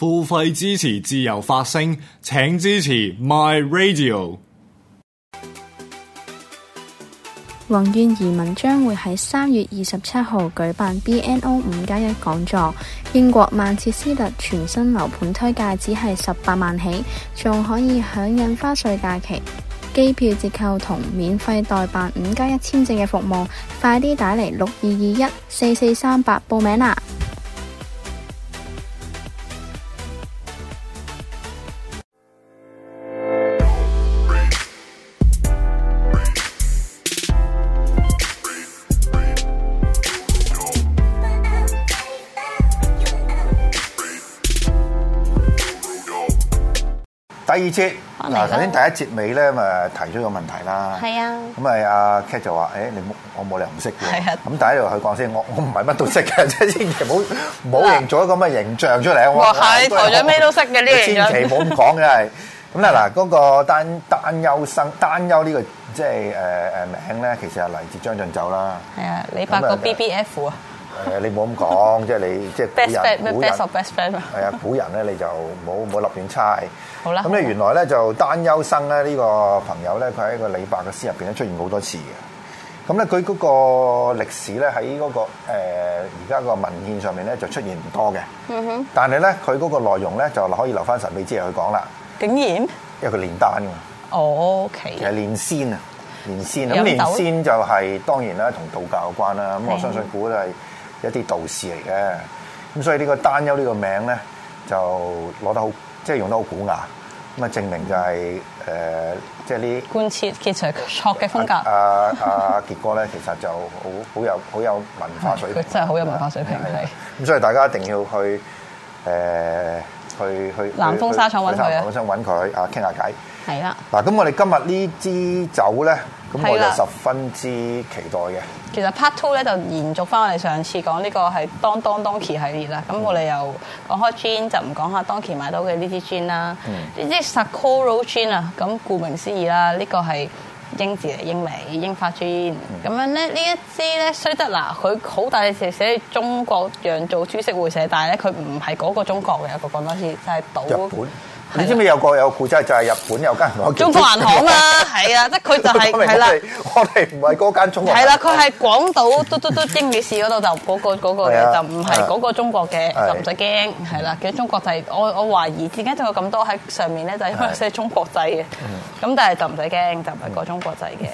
付費支持自由發聲，請支持 My Radio。宏遠移民將會喺三月二十七號舉辦 BNO 五加一講座，英國曼徹斯特全新樓盤推介，只係十八萬起，仲可以享印花稅假期、機票折扣同免費代辦五加一簽證嘅服務，快啲打嚟六二二一四四三八報名啦！第二節嗱，頭先第一節尾咧，咪提出個問題啦、啊啊啊啊。係啊，咁咪阿 Cat 就話，誒，你冇，我冇理由唔識嘅。係啊。咁第一度去講先，我我唔係乜都識嘅，即係千祈唔好唔好營造一個咁嘅形象出嚟。哇，係台長咩都識嘅呢啲千祈唔好咁講嘅係，咁啦嗱，嗰、那個擔擔憂生擔憂呢、這個即係誒誒名咧，其實係嚟自張俊晉啦。係啊，李白個 B B F 就啊。誒你唔好咁講，即係你即係古人，古人係啊，古人咧你就唔好立亂猜好啦。咁咧原來咧就丹丘生咧呢個朋友咧，佢喺一個李白嘅詩入邊咧出現好多次嘅。咁咧佢嗰個歷史咧喺嗰個誒而家個文獻上面咧就出現唔多嘅。嗯哼。但係咧佢嗰個內容咧就可以留翻神秘之嘢去講啦。竟然。因為佢練丹㗎。O K。其實練仙啊，練仙咁練仙就係當然啦，同道教有關啦。咁我相信古都係。一啲道士嚟嘅，咁所以呢個單優呢個名咧，就攞得好，即係用得好古雅，咁啊證明就係誒，即係呢貫徹揭除錯嘅風格。阿阿傑哥咧，其實就好好有好有文化水平，佢、哎、真係好有文化水平係。咁所以大家一定要去誒、呃、去去南風沙廠揾佢啊，我想揾佢啊傾下偈係啦。嗱咁我哋今日呢支酒咧。咁我哋十分之期待嘅。其實 part two 咧就延續翻我哋上次講呢個係當當當 Donki 系列啦。咁我哋又講開 Gin，就唔講下 Donki 買到嘅呢支 Gin 啦。呢支 Sakurao Gin 啊，咁顧名思義啦，呢個係英字嚟英美英法 Gin。咁樣咧，呢一支咧，雖得嗱，佢好大隻寫中國釀造，珠飾會寫，但係咧佢唔係嗰個中國嘅，我講多次就係日你知唔知有個有個故仔就係日本有間中國銀行嘛？係啊，即係佢就係係啦，我哋唔係嗰間中國。係啦，佢係廣島都都都京都市嗰度，就嗰個嗰個嘅，就唔係嗰個中國嘅，就唔使驚。係啦，其實中國製，我我懷疑點解仲有咁多喺上面咧，就因為寫中國製嘅。咁但係就唔使驚，就唔係嗰中國製嘅。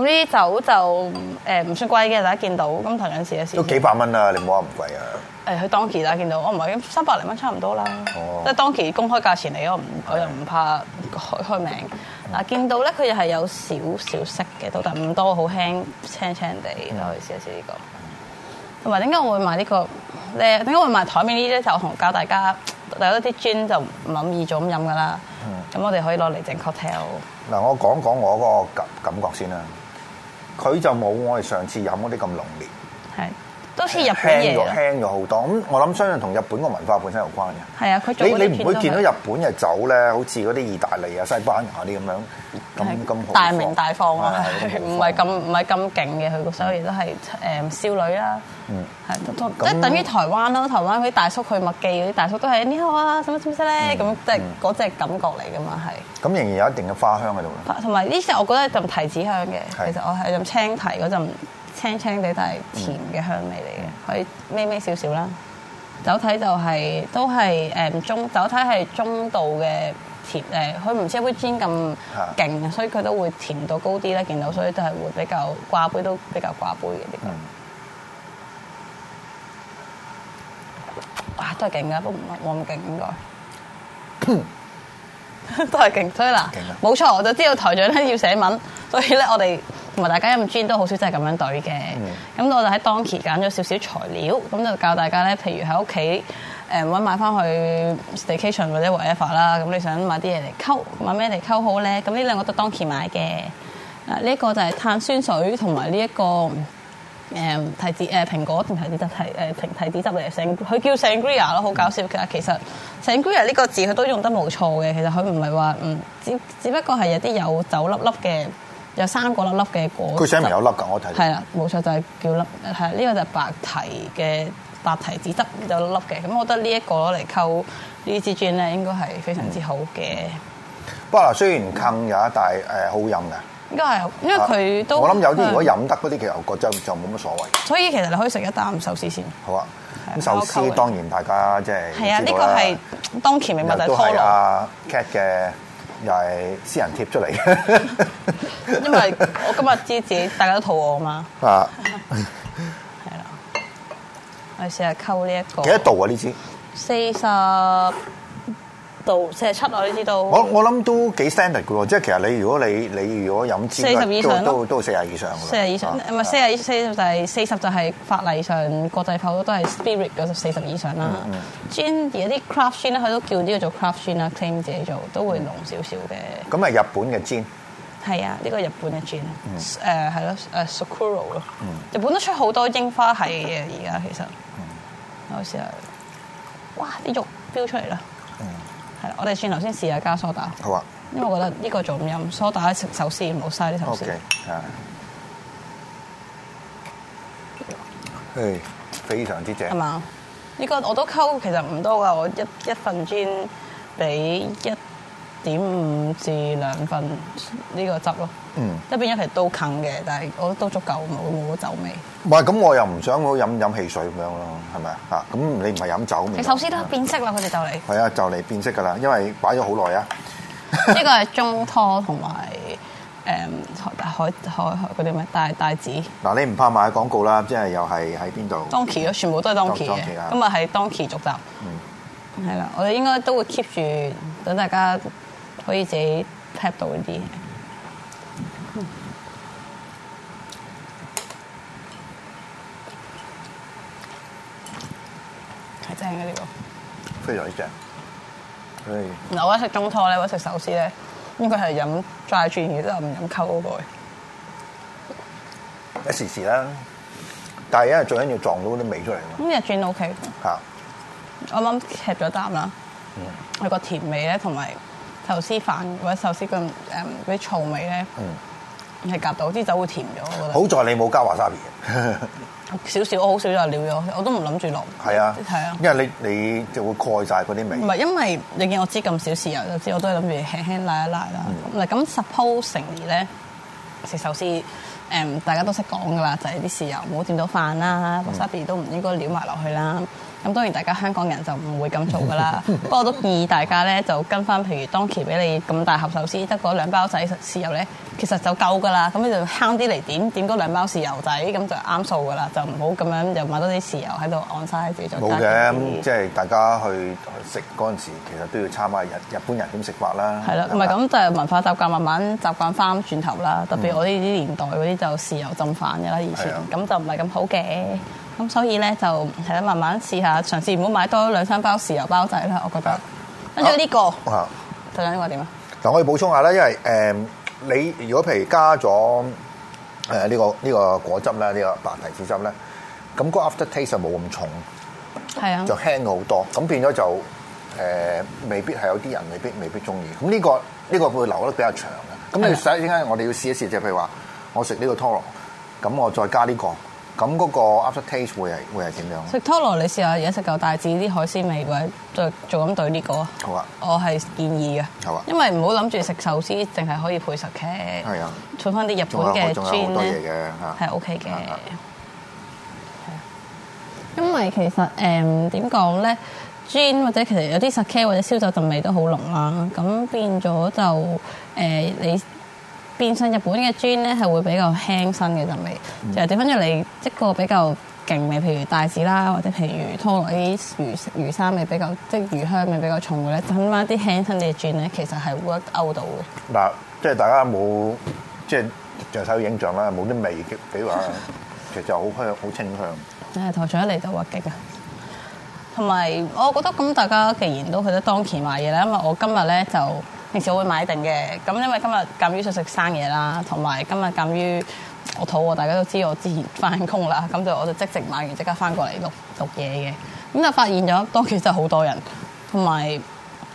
呢啲酒就誒唔算貴嘅，大家見到咁，頭先試一試。都幾百蚊啊。你唔好話唔貴啊 unky,！誒，去當期啦，見到我唔係三百零蚊差唔多啦，即係當期公開價錢嚟，我唔是 我又唔怕改開名。嗱是的，見到咧佢又係有少少色嘅，都但唔多，好輕青青地都可以試一試呢、這個。同埋點解我會買呢、這個咧？點解會買台面呢啲酒同教大家有一啲樽就唔諗意做咁飲噶啦。咁是的 我哋可以攞嚟整 cocktail。嗱，我講講我個感感覺先啦。佢就冇我哋上次飲嗰啲咁濃烈，係都係日本嘢，輕咗輕咗好多。咁我諗相信同日本個文化本身有關嘅。係啊，佢你你唔會見到日本嘅酒咧，好似嗰啲意大利啊、西班牙啲咁樣咁咁好大鳴大放啊，唔係咁唔係咁勁嘅。佢所有嘢都係誒少女啦。嗯，係即係等於台灣咯，台灣嗰啲大叔去麥記嗰啲大叔都係你好啊，使乜使乜咧，咁即係嗰隻感覺嚟噶嘛、嗯，係、嗯。咁仍然有一定嘅花香喺度啦。同埋呢隻我覺得陣提子香嘅，是 其實我係陣青提嗰陣青青哋，但係甜嘅香味嚟嘅，佢咩咩少少啦。微微點點酒體就係、是、都係誒中，酒體係中度嘅甜誒，佢唔似一杯 gin 咁勁，所以佢都會甜度高啲咧。見到所以都係會比較掛杯都比較掛杯嘅啲。嗯哇，都係勁噶，都唔冇咁勁，應該都係勁。 推啦，冇錯，我就知道台長咧要寫文，所以咧我哋同埋大家咁專業都好少真係咁樣對嘅。咁、嗯、我就喺當期揀咗少少材料，咁就教大家咧，譬如喺屋企誒揾買翻去 staycation 或者 whatever 啦，咁你想買啲嘢嚟溝，買咩嚟溝好咧？咁呢兩個都當期買嘅。啊，呢一個就係碳酸水，同埋呢一個。誒提子，誒蘋果定提子汁提，誒提提子汁嚟成，佢叫 Sangria 咯，好搞笑。其實其實 Sangria 呢個字佢都用得冇錯嘅。其實佢唔係話唔只，只不過係有啲有酒粒粒嘅，有生果粒粒嘅果。佢寫明有粒㗎，我睇。係啦，冇錯就係、係、叫粒，係呢、呢個就係白提嘅白提子汁有粒粒嘅。咁我覺得呢一個攞嚟溝呢支樽咧，應該係非常之好嘅。嗯、不過雖然近有一大誒好飲嘅。應該係，因為佢都我諗有啲如果飲得嗰啲，其實我覺得就冇乜所謂。所以其實你可以食一啖壽司先。好啊，壽司當然大家即係。係啊，呢個係當期名物就 follow cat 嘅又係私人貼出嚟嘅。因為我今日知自己大家都肚餓嘛。啊，係啦，我哋試下溝呢一個幾多度啊？呢支四十。度四十七你知道。我我諗都幾 standard 嘅喎，即係其實你如果你你如果飲芝，四十以上咯都都四十以，以上。四十對、就係、以上，唔係四十，四就係四十就係法例上國際鋪都係 spirit 嗰陣四十以上啦。嗯嗯、gin 而家啲 craft gin 咧，佢都叫呢個做 craft gin 啦，claim 自己做都會濃少少嘅。咁係、嗯、日本嘅 gin。係啊，呢個日本嘅 gin，誒係咯，誒 Sakurao 咯，日本都出好多櫻花系嘅嘢而家其實。有時啊，哇！啲肉飆出嚟啦。嗯係，我哋轉頭先試下加梳打。好啊的，因為我覺得呢個做唔飲，梳打首先唔好嘥啲壽司。係，非常之正。係嘛？呢個我都溝，其實唔多㗎。我一一份煎俾一。點五至兩份呢個汁咯，嗯，一邊一皮都近嘅，但係我都足夠，冇冇酒味。唔係咁，我又唔想我飲飲汽水咁樣咯，係咪啊？咁你唔係飲酒你首先都變色啦，佢哋就嚟。係啊，就嚟變色噶啦，因為擺咗好耐啊。呢個係中拖同埋誒海海海嗰啲咩帶帶子。嗱，你唔怕買廣告啦，即係又係喺邊度？Donki，全部都係 Donki 嘅，今日係 Donki 續集。嗯，係啦，我哋應該都會 keep 住等大家。可以自己 tap 到啲，係正嘅呢個非常之正。唉，我一食中拖咧，我一食壽司咧，應該係飲拽轉嘅，都唔飲溝嗰個。一時時啦，但係因為最緊要撞到嗰啲味出嚟。咁你轉 O K 嘅嚇，啱啱吸咗啖啦。佢個甜味咧，同埋。壽司飯或者壽司嘅誒啲醋味咧，係、嗯嗯、夾到啲酒會甜咗。我覺得好在你冇加華沙比少少，我好少就料咗，我都唔諗住落。係啊，係啊，因為你你就會蓋晒嗰啲味。唔係，因為你見我知咁少豉油，就知我都係諗住輕輕拉一拉啦。嗱的，咁 suppose 成日咧食壽司誒、嗯，大家都識講㗎啦，就係啲豉油唔好掂到飯啦，華沙比都唔應該料埋落去啦。咁當然大家香港人就唔會咁做噶啦， 不過都建議大家咧就跟翻，譬如當期俾你咁大盒壽司，得嗰兩包仔豉油咧，其實就夠噶啦。咁你就慳啲嚟點，點多兩包豉油仔，咁就啱數噶啦，就唔好咁樣又買多啲豉油喺度按曬自己做。冇嘅，即係大家去食嗰陣時候，其實都要參考日日本人點食法啦。係啦的，唔係咁就、就係、文化習慣慢慢習慣翻轉頭啦。特別我呢啲年代嗰啲、嗯、就豉油浸飯嘅啦，以前咁就唔係咁好嘅。嗯咁所以咧就係啦，慢慢試下，嘗試唔好買多兩三包豉油包仔啦。我覺得，啊、跟住、這、呢個，再講呢個點啊？嗱，我可以補充一下啦，因為誒、呃，你如果譬如加咗誒呢個呢、這個果汁咧，呢、這個白提子汁咧，咁個 after taste 就冇咁重，係啊，就就輕好多。咁變咗就誒，未必係有啲人未必未必中意。咁呢、這個呢、這個會留得比較長嘅。咁你使點解我哋要試一試？即係譬如話，我食呢個拖羅，咁我再加呢、這個。咁嗰個 after taste 會係會係點樣？食拖羅你試下，而家食夠大隻啲海鮮味，或者做做咁對呢個。好啊 的！我係建議嘅。好啊 的！因為唔好諗住食壽司，淨係可以配 sake。係啊！做翻啲日本嘅。仲嘅係 OK 嘅。因為其實誒點講咧，Gin 或者其實有啲 sake 或者燒酒浸味都好濃啦。咁變咗就、呃、你。變身日本嘅磚咧，係會比較輕身嘅陣味，就掉翻轉你即個比較勁味，譬如帶子啦，或者譬如拖落啲魚魚，魚生味比較，即、就是、魚香味比較重嘅咧，咁翻啲輕身嘅磚咧，其實係 work out 到嘅。嗱，即係大家冇即係著手的影像啦，冇啲味嘅，比如話，其實就好香，好清香。誒， 頭場一嚟就滑勁啊！同埋我覺得咁，大家既然都去得當前買嘢咧，因為我今日咧就。平時我會買定嘅，咁因為今日鑑於想食生嘢啦，同埋今日鑑於我肚餓，大家都知我之前翻工啦，咁就我就即時買完即刻翻過嚟碌碌嘢嘅，咁就發現咗當其實好多人，同埋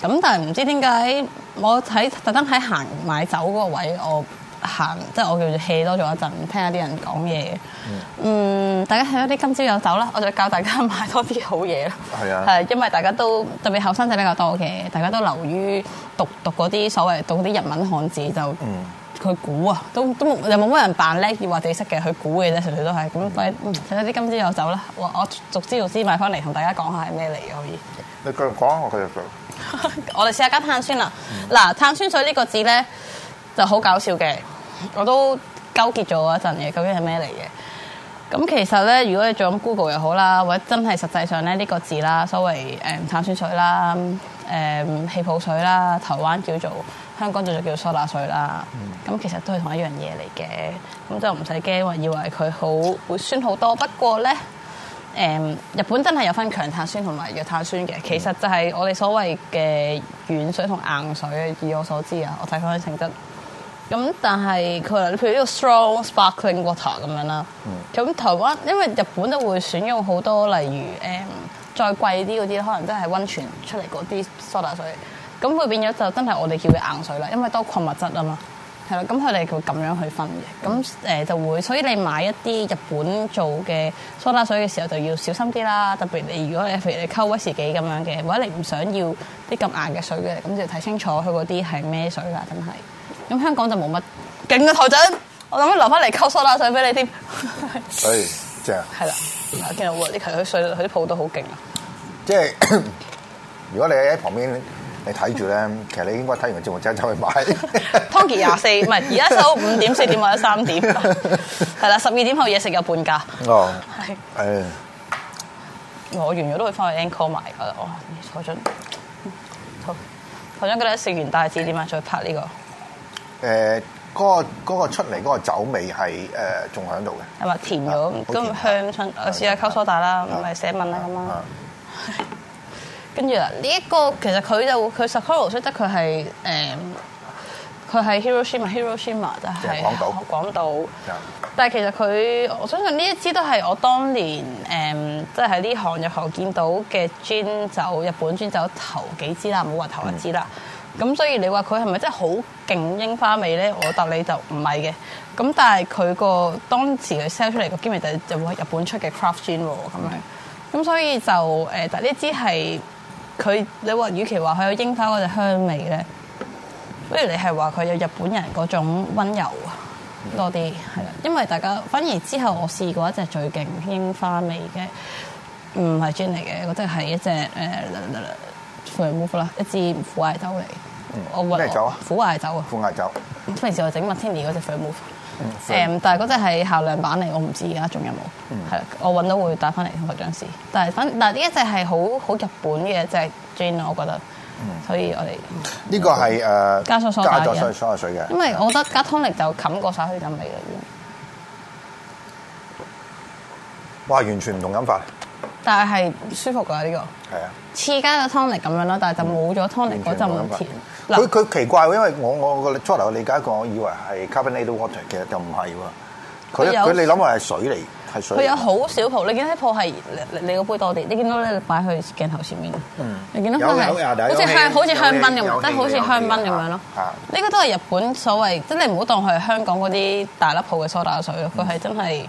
咁但係唔知點解我喺特登喺行買酒嗰個位我。行即係我叫做 hea 多咗一陣，聽下啲人講嘢。嗯，嗯，大家睇下啲今朝有酒啦，我就教大家買多啲好嘢。係是啊是，係因為大家都特別後生仔比較多嘅，大家都流於讀讀嗰啲所謂讀啲日文漢字就佢估啊，都都又冇乜人扮叻嘢或者識嘅，佢估嘅啫，隨隨都係咁。所以睇多啲今朝有酒啦，我逐支逐支買翻嚟同大家講下係咩嚟嘅可以。你繼續講我繼續做。我哋試下加碳酸啦。嗱，嗯，碳酸水呢個字咧就好搞笑嘅。我都糾結咗一陣嘢，究竟係咩嚟嘅？咁其實咧，如果你做緊 Google 又好啦，或者真係實際上咧呢個字啦，所謂誒呃、碳酸水啦、誒、呃、氣泡水啦，台灣叫做，香港叫做叫梳打水啦，咁、嗯、其實都係同一樣嘢嚟嘅。咁就唔使驚話，為以為佢好會酸好多。不過咧，誒、呃、日本真係有分強碳酸同埋弱碳酸嘅。其實就係我哋所謂嘅軟水同硬水。以我所知啊，我睇翻啲性質。咁但係佢，譬如呢個 Strong Sparkling Water 咁樣啦，咁台灣因為日本都會選用好多例如誒、嗯、再貴啲嗰啲，可能都係溫泉出嚟嗰啲梳打水，咁會變咗就真係我哋叫佢硬水啦，因為多礦物質啊嘛，係咯，咁佢哋佢咁樣去分嘅，咁、嗯、就會，所以你買一啲日本做嘅梳打水嘅時候就要小心啲啦，特別你如果你譬如你溝威士忌咁樣嘅，或者你唔想要啲咁硬嘅水嘅，咁就睇清楚佢嗰啲係咩水啦，真係。咁香港就冇乜勁嘅台長，我諗住留翻嚟溝梳打水俾你添、欸。所正係，係啦，見到啲佢佢佢啲鋪都好勁啊！即係如果你喺旁邊你睇住咧，其實你應該睇完個節目之後走去買。Tony 廿四，唔係而家收五點四點或者三點，係啦，十二點後嘢食有半價。哦，欸、我完咗都會翻去 Encore 買噶啦，哇、哦！台長，好台長，今食完帶子點樣再拍呢、這個。誒、嗰、嗰、個嗰個出嚟嗰個酒味係誒仲喺度嘅，係咪甜咗？咁香春，我試下溝梳打啦，唔係寫文啊咁啊。跟住啦，呢一個其實佢就佢 Sakurao 得佢係誒，佢係 Hiroshima Hiroshima 就係廣島。廣島。但係其實佢我相信呢一支都係我當年誒，即係喺呢行入行見到嘅氈酒，日本氈酒頭幾支啦，唔好話頭一支啦。咁所以你話佢係咪真係好勁櫻花味咧？我答你就唔係嘅。咁但係佢個當時佢 sell 出嚟個 signature 就係日本出嘅 craft gin 喎的，咁樣。咁所以就誒，但呢支係佢你話，與其話佢有櫻花嗰隻香味咧，不如你係話佢有日本人嗰種溫柔多啲係啦。因為大家反而之後我試過一隻最勁櫻花味嘅，唔係 gin 嚟嘅，我覺得係一隻誒。呃 Move, 一富人 o v 啦，一支苦艾酒嚟。我揾咩酒啊？苦艾酒啊。苦艾酒。平時我整 m a r t i n 嗰隻富人 move。但係嗰隻係限量版嚟，我唔知而家仲有冇。嗯。我揾到會帶翻嚟同佢展示。但係反，但呢一隻係好好日本嘅隻 j a n e 我覺得。所以我哋呢個係加咗水嘅。水因為我覺得加 t 力就冚過晒佢嘅味啦。哇！完全唔同的飲法。但係舒服㗎呢個，似加個湯力咁樣咯，但係就冇咗湯力嗰陣咁甜。佢佢奇怪喎，因為我我初頭理解過我以為係 carbonated water，其實就唔係喎。佢佢你諗下係水嚟，係水。佢有好少泡，你見到啲泡係你你個杯多啲，你見到咧，擺去鏡頭前面，你見到佢係好似香，好似香檳咁，即係好似香檳咁樣咯。呢個都係日本所謂，真係唔好當佢係香港嗰啲大粒泡嘅梳打水咯，佢係真係。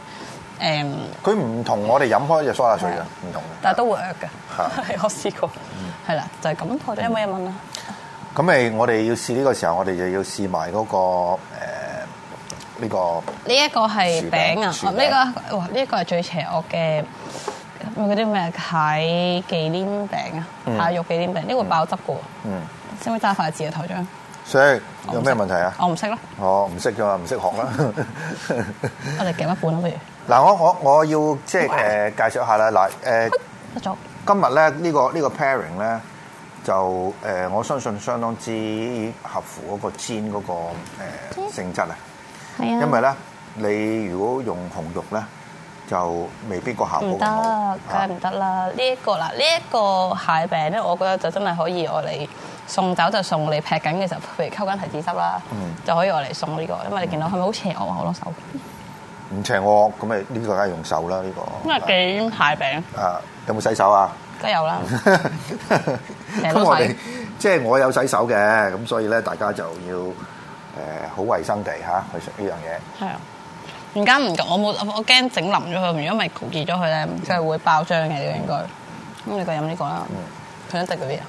誒，佢唔同我哋飲開一隻梳打水嘅，唔同但係都會 work 嘅，我試過，係啦，就係咁。頭像有冇嘢問啊？咁我哋要試呢個時候，我哋就要試埋嗰個呢個。呢一個係餅啊！呢個哇，呢一個係最邪惡嘅，嗰啲咩蟹忌廉餅啊，蟹肉忌廉餅，呢個爆汁嘅嗯，識唔識揸筷子啊？頭像？所以，有咩問題啊？我唔識咯。我唔識嘅嘛，唔識學啦。我哋夾一半不如。嗱，我我我要即係誒介紹下啦，嗱誒，今日咧呢個呢個 pairing 咧就誒，我相信相當之合乎嗰個 GIN 嗰個性質啊。係啊，因為咧你如果用紅肉咧，就未必個效果咁好。唔得，梗係唔得啦！呢一個啦，呢一個蟹餅咧，我覺得就真係可以我嚟送走就送嚟劈緊嘅時候，譬如溝緊提子汁啦，就可以我嚟送呢個，因為你見到佢咪好似我好多手。唔長惡咁，咪呢個梗係用手啦，呢個。咁啊幾大餅？啊，有冇洗手啊？梗係有啦。咁我哋即係我有洗手嘅，咁所以咧大家就要誒好衞生地吓去食呢樣嘢。係啊，唔緊唔，我冇我我驚整腍咗佢，如果咪焗熱咗佢咧，即係會爆漿嘅應該。咁你就飲呢個啦。想食嗰啲啊？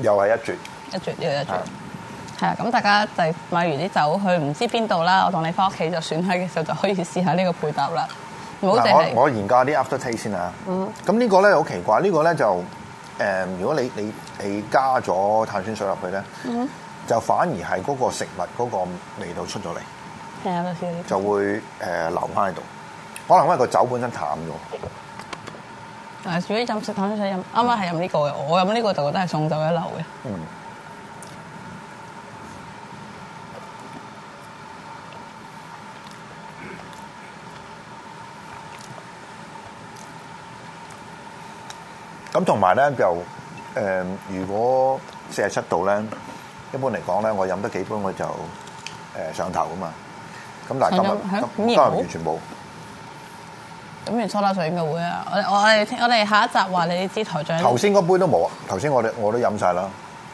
又係一絕。一絕呢、這個一絕，係啊的！咁大家就買完啲酒去唔知邊度啦。我同你翻屋企就選喺嘅時候，就可以試下呢個配搭啦。冇錯我。我我研究啲 after taste 先啊。嗯。咁呢個咧好奇怪，呢、這個咧就誒，如果你你你，你加咗碳酸水入去咧，就反而係嗰個食物嗰個味道出咗嚟。係啊、嗯，就就會誒、呃、留翻喺度，可能因為個酒本身淡咗。係、嗯，如果飲食碳酸水飲，啱啱係飲呢個嘅。我飲呢個就覺得係送酒一流嘅。嗯。咁同埋咧，就誒、呃，如果四十七度咧，一般嚟講咧，我飲得幾杯我就誒上頭啊嘛。咁但係今日今日完全冇。飲完蘇打水應該會啊！我我哋我哋下一集話你知台長。頭先嗰杯都冇啊！頭先我哋我都飲晒啦，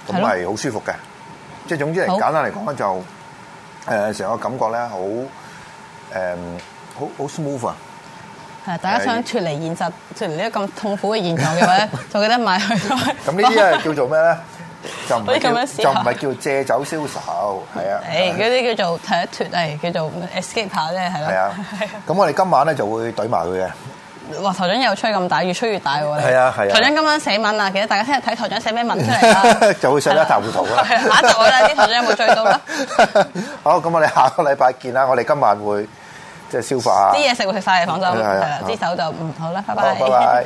咁係好舒服嘅。即係了總之，嚟簡單嚟講咧，好就誒成個感覺咧，好好好 smooth、嗯、啊！係，大家想脫離現實，脫離呢個咁痛苦嘅現狀嘅話，就記得買佢。咁呢啲係叫做咩咧？就唔係叫，就唔係叫借酒消愁，係啊。誒，嗰啲叫做脫一脫，係叫做 escape 啊，呢係咯。係啊，咁我哋今晚咧就會懟埋佢嘅。哇！台長又吹咁大，越吹越大喎。係啊係啊。台長今晚寫文啊，記得大家聽日睇台長寫咩文出嚟啦。就會寫一塌糊塗啦。下一集我哋啲台長有冇醉到咧？好，咁我哋下個禮拜見啦。我哋今晚會。即係消化啲嘢食會食晒，廣州係啦，隻手就唔好啦，拜拜。拜拜。